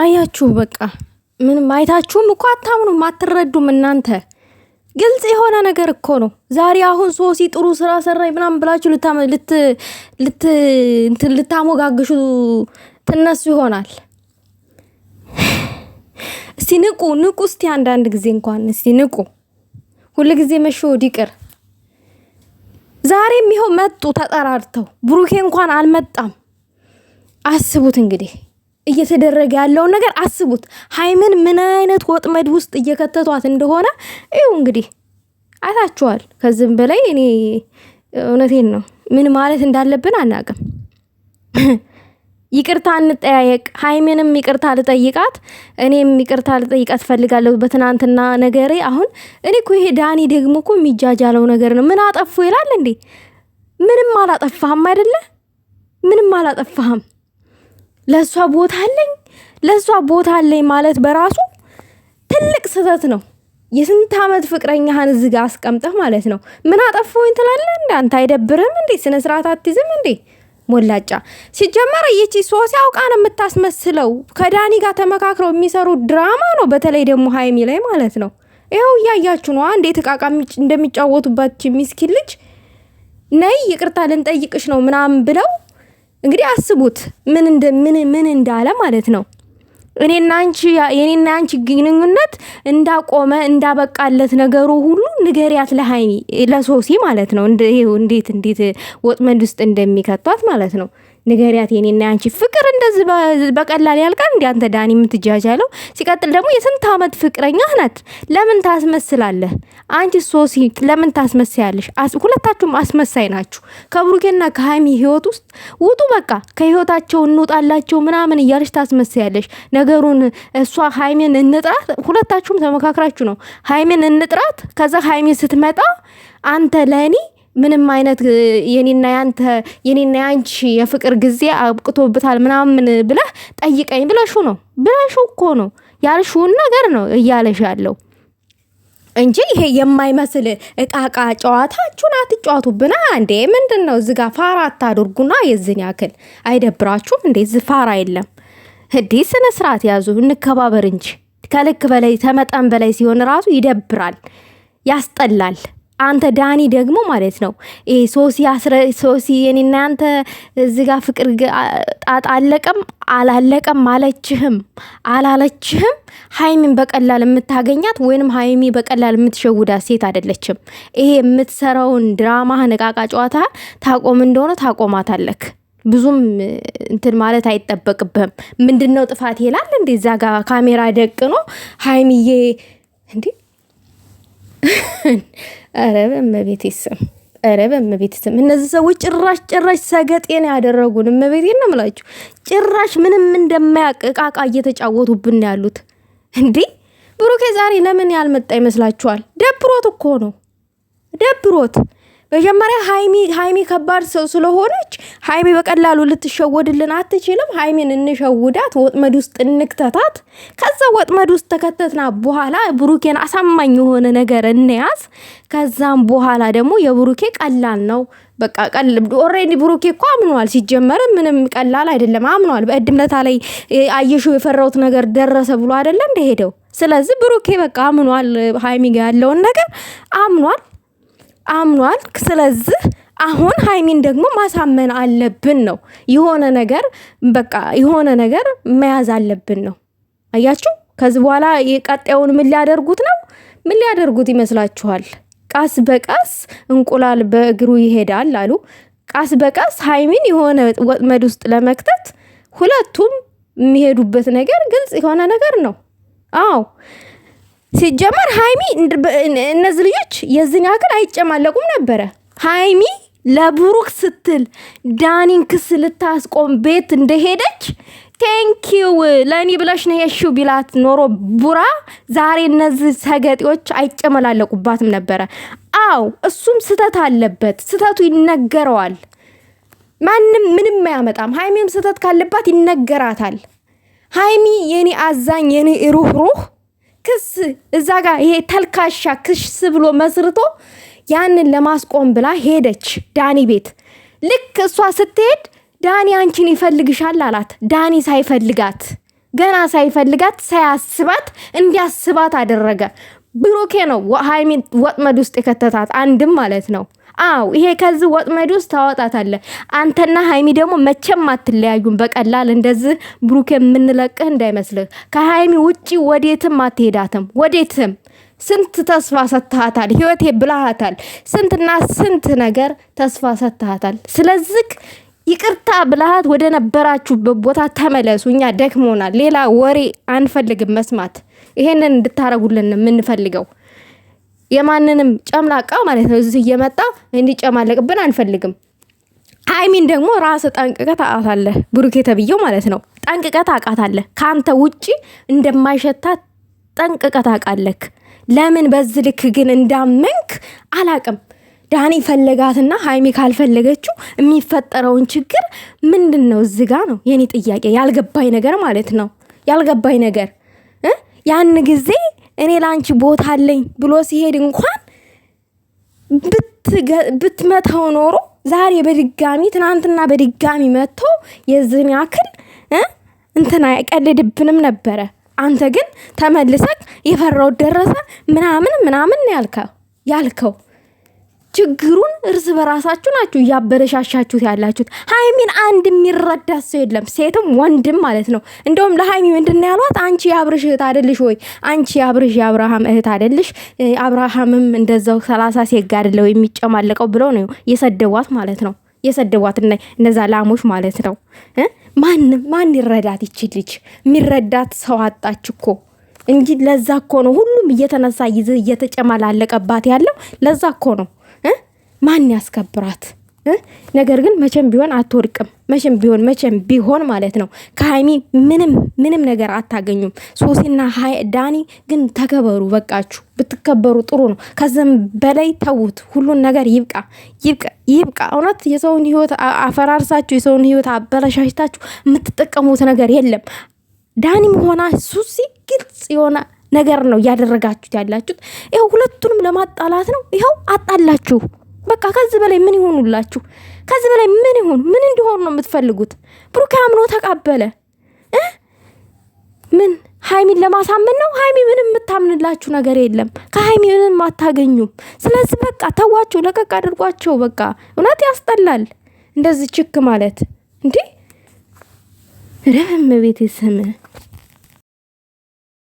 አያችሁ በቃ ምን አይታችሁም እኮ አታምኑም፣ አትረዱም እናንተ። ግልጽ የሆነ ነገር እኮ ነው። ዛሬ አሁን ሶሲ ጥሩ ስራ ሰራኝ ምናምን ብላችሁ ልታሞጋግሹ ትነሱ ይሆናል። እስቲ ንቁ ንቁ፣ እስቲ አንዳንድ ጊዜ እንኳን እስቲ ንቁ። ሁል ጊዜ መሸወድ ይቅር። ዛሬም ይኸው መጡ ተጠራርተው፣ ብሩኬ እንኳን አልመጣም። አስቡት እንግዲህ እየተደረገ ያለውን ነገር አስቡት። ሀይምን ምን አይነት ወጥመድ ውስጥ እየከተቷት እንደሆነ ይው እንግዲህ አይታችኋል። ከዚህም በላይ እኔ እውነቴን ነው ምን ማለት እንዳለብን አናቅም። ይቅርታ እንጠያየቅ። ሀይሜንም ይቅርታ ልጠይቃት፣ እኔም ይቅርታ ልጠይቃት ፈልጋለሁ በትናንትና ነገሬ። አሁን እኔ እኮ ይሄ ዳኒ ደግሞ እኮ የሚጃጃለው ነገር ነው። ምን አጠፉ ይላል እንዴ? ምንም አላጠፋህም አይደለ? ምንም አላጠፋህም። ለእሷ ቦታ አለኝ ለእሷ ቦታ አለኝ ማለት በራሱ ትልቅ ስህተት ነው። የስንት ዓመት ፍቅረኛህን እዚህ ጋ አስቀምጠህ ማለት ነው። ምን አጠፋሁኝ ትላለህ? እንደ አንተ አይደብርም እንዴ? ስነ ስርዓት አትይዝም እንዴ? ሞላጫ። ሲጀመር እየቺ ሶሲ አውቃ ነው የምታስመስለው። ከዳኒ ጋር ተመካክረው የሚሰሩ ድራማ ነው። በተለይ ደግሞ ሀይሚ ላይ ማለት ነው። ይኸው እያያችሁ ነዋ እንዴት እቃቃ እንደሚጫወቱባት ምስኪን ልጅ። ነይ ይቅርታ ልንጠይቅሽ ነው ምናምን ብለው እንግዲህ አስቡት ምን እንደ ምን ምን እንዳለ ማለት ነው። እኔና አንቺ የኔና አንቺ ግንኙነት እንዳቆመ እንዳበቃለት ነገሩ ሁሉ ንገሪያት ለሀይሚ ለሶሲ ማለት ነው። እንዴት እንዴት ወጥመድ ውስጥ እንደሚከቷት ማለት ነው። ንገሪያት የኔና ያንቺ ፍቅር እንደዚህ በቀላል ያልቃል? እንዲ አንተ ዳኒ የምትጃጃለው። ሲቀጥል ደግሞ የስንት ዓመት ፍቅረኛ ናት። ለምን ታስመስላለህ? አንቺ ሶሲ ለምን ታስመስያለሽ? ሁለታችሁም አስመሳይ ናችሁ። ከብሩኬና ከሀይሚ ህይወት ውስጥ ውጡ፣ በቃ ከህይወታቸው እንውጣላቸው ምናምን እያለሽ ታስመስያለሽ። ነገሩን እሷ ሀይሜን እንጥራት፣ ሁለታችሁም ተመካክራችሁ ነው ሀይሜን እንጥራት። ከዛ ሀይሜ ስትመጣ አንተ ለእኔ ምንም አይነት የኔና ያንተ የኔና ያንቺ የፍቅር ጊዜ አብቅቶብታል ምናምን ብለህ ጠይቀኝ ብለሹ ነው ብለሹ እኮ ነው ያልሽውን ነገር ነው እያለሽ ያለው እንጂ ይሄ የማይመስል እቃቃ ጨዋታችሁን አትጫዋቱብና እንዴ! ምንድን ነው እዚጋ ፋራ አታድርጉና። የዝን ያክል አይደብራችሁም እንዴ? ፋራ የለም ህዲ ስነ ስርዓት ያዙ፣ እንከባበር እንጂ ከልክ በላይ ተመጠን በላይ ሲሆን ራሱ ይደብራል፣ ያስጠላል። አንተ ዳኒ ደግሞ ማለት ነው ይሄ ሶሲ ሶሲ የኔና አንተ እዚህ ጋር ፍቅር ጣጣ አለቀም አላለቀም አለችህም አላለችህም። ሀይሚን በቀላል የምታገኛት ወይንም ሀይሚ በቀላል የምትሸውዳት ሴት አይደለችም። ይሄ የምትሰራውን ድራማ ነቃቃ ጨዋታ ታቆም እንደሆነ ታቆማታለክ። ብዙም እንትን ማለት አይጠበቅብህም። ምንድን ነው ጥፋት ይላል እንዴ እዛ ጋር ካሜራ ደቅኖ ሀይሚዬ እንዴ አረ በእመቤቴ ስም አረ በእመቤቴ ስም እነዚህ ሰዎች ጭራሽ ጭራሽ ሰገጤን ያደረጉን እመቤቴን ነው የምላችሁ። ጭራሽ ምንም እንደማያውቅ እቃቃ እየተጫወቱብን ያሉት እንዴ! ብሩኬ ዛሬ ለምን ያልመጣ ይመስላችኋል? ደብሮት እኮ ነው ደብሮት መጀመሪያ ሀይሚ ሀይሚ ከባድ ሰው ስለሆነች ሀይሚ በቀላሉ ልትሸወድልን አትችልም። ሀይሚን እንሸውዳት፣ ወጥመድ ውስጥ እንክተታት። ከዛ ወጥመድ ውስጥ ተከተትና በኋላ ብሩኬን አሳማኝ የሆነ ነገር እንያዝ። ከዛም በኋላ ደግሞ የብሩኬ ቀላል ነው በቃ ኦሬዲ ብሩኬ እኮ አምኗል። ሲጀመር ምንም ቀላል አይደለም፣ አምኗል። በእድምለታ ላይ አየሹ የፈራሁት ነገር ደረሰ ብሎ አይደለ እንደሄደው። ስለዚህ ብሩኬ በቃ አምኗል፣ ሀይሚ ጋ ያለውን ነገር አምኗል። አምኗል። ስለዚህ አሁን ሀይሚን ደግሞ ማሳመን አለብን ነው የሆነ ነገር በቃ የሆነ ነገር መያዝ አለብን ነው። አያችሁ፣ ከዚህ በኋላ የቀጣዩን ምን ሊያደርጉት ነው? ምን ሊያደርጉት ይመስላችኋል? ቃስ በቃስ እንቁላል በእግሩ ይሄዳል አሉ። ቃስ በቃስ ሀይሚን የሆነ ወጥመድ ውስጥ ለመክተት ሁለቱም የሚሄዱበት ነገር ግልጽ የሆነ ነገር ነው። አዎ ሲጀመር ሀይሚ እነዚህ ልጆች የዚህን ያክል አይጨማለቁም ነበረ። ሀይሚ ለብሩክ ስትል ዳኒን ክስ ልታስቆም ቤት እንደሄደች ቴንኪው ለእኔ ብለሽ ነው የሹ ቢላት ኖሮ ቡራ ዛሬ እነዚህ ሰገጤዎች አይጨመላለቁባትም ነበረ። አው እሱም ስተት አለበት፣ ስተቱ ይነገረዋል። ማንም ምንም አያመጣም። ሀይሚም ስተት ካለባት ይነገራታል። ሀይሚ የኔ አዛኝ የኔ ሩህሩህ ክስ እዛ ጋር ይሄ ተልካሻ ክስ ብሎ መስርቶ ያንን ለማስቆም ብላ ሄደች ዳኒ ቤት። ልክ እሷ ስትሄድ ዳኒ አንቺን ይፈልግሻል አላት። ዳኒ ሳይፈልጋት ገና ሳይፈልጋት ሳያስባት እንዲያስባት አደረገ። ብሩኬ ነው ሀይሚ ወጥመድ ውስጥ የከተታት አንድም ማለት ነው። አው ይሄ ከዚህ ወጥመድ ውስጥ ታወጣታለህ። አንተና ሀይሚ ደግሞ መቼም አትለያዩም በቀላል እንደዚህ ብሩኬ የምንለቅህ እንዳይመስልህ። ከሀይሚ ውጪ ወዴትም አትሄዳትም፣ ወዴትም ስንት ተስፋ ሰጥተሃታል፣ ህይወቴ ብላሃታል፣ ስንትና ስንት ነገር ተስፋ ሰጥተሃታል። ስለዚህ ይቅርታ ብልሃት ወደ ነበራችሁበት ቦታ ተመለሱ። እኛ ደክሞናል፣ ሌላ ወሬ አንፈልግም መስማት ይሄንን እንድታረጉልን የምንፈልገው የማንንም ጨምላቃ ማለት ነው እዚህ እየመጣ እንዲጨማለቅብን አንፈልግም። ሀይሚን ደግሞ ራስ ጠንቅቀ ታቃታለ ብሩኬ ተብዬው ማለት ነው ጠንቅቀት ታቃታለ ከአንተ ውጪ እንደማይሸታት ጠንቅቀት ታቃለክ። ለምን በዚህ ልክ ግን እንዳመንክ አላቅም። ዳኒ ፈለጋትና ሀይሚ ካልፈለገችው የሚፈጠረውን ችግር ምንድን ነው? እዚህ ጋ ነው የኔ ጥያቄ፣ ያልገባኝ ነገር ማለት ነው ያልገባኝ ነገር ያን ጊዜ እኔ ላንቺ ቦታ አለኝ ብሎ ሲሄድ እንኳን ብትመታው ኖሮ ዛሬ በድጋሚ ትናንትና በድጋሚ መጥቶ የዝን ያክል እንትና አይቀልድብንም ነበረ። አንተ ግን ተመልሰክ የፈራው ደረሰ ምናምን ምናምን ያልከው ያልከው ችግሩን እርስ በራሳችሁ ናችሁ እያበለሻሻችሁት ያላችሁት። ሀይሚን አንድ የሚረዳ ሰው የለም፣ ሴትም ወንድም ማለት ነው። እንደውም ለሀይሚ ምንድን ያሏት? አንቺ የአብርሽ እህት አደልሽ ወይ? አንቺ የአብርሽ የአብርሃም እህት አደልሽ? አብርሃምም እንደዛው ሰላሳ ሴት ጋር አይደለው የሚጨማለቀው ብለው ነው የሰደቧት ማለት ነው። የሰደቧት እነዛ ላሞች ማለት ነው። ማንም ማን ይረዳት ይች ልጅ? የሚረዳት ሰው አጣች እኮ እንጂ ለዛ እኮ ነው ሁሉም እየተነሳ ይዝ እየተጨማላለቀባት ያለው ለዛ እኮ ነው። ማን ያስከብራት? ነገር ግን መቼም ቢሆን አትወድቅም። መቼም ቢሆን መቼም ቢሆን ማለት ነው ከሀይሚ ምንም ምንም ነገር አታገኙም። ሶሲና ዳኒ ግን ተከበሩ፣ በቃችሁ። ብትከበሩ ጥሩ ነው። ከዚም በላይ ተዉት። ሁሉን ነገር ይብቃ፣ ይብቃ፣ እውነት የሰውን ህይወት አፈራርሳችሁ የሰውን ህይወት አበረሻሽታችሁ የምትጠቀሙት ነገር የለም። ዳኒም ሆና ሱሲ ግልጽ የሆነ ነገር ነው እያደረጋችሁት ያላችሁት። ይኸው ሁለቱንም ለማጣላት ነው። ይኸው አጣላችሁ። በቃ ከዚህ በላይ ምን ይሆኑላችሁ? ከዚህ በላይ ምን ይሆኑ? ምን እንዲሆኑ ነው የምትፈልጉት? ብሩክ አምኖ ተቃበለ። ምን ሀይሚን ለማሳመን ነው? ሀይሚ ምንም የምታምንላችሁ ነገር የለም። ከሀይሚ ምንም አታገኙም። ስለዚህ በቃ ተዋቸው፣ ለቀቅ አድርጓቸው። በቃ እውነት ያስጠላል እንደዚህ ችክ ማለት እንዲህ ረህም ቤቴ ስም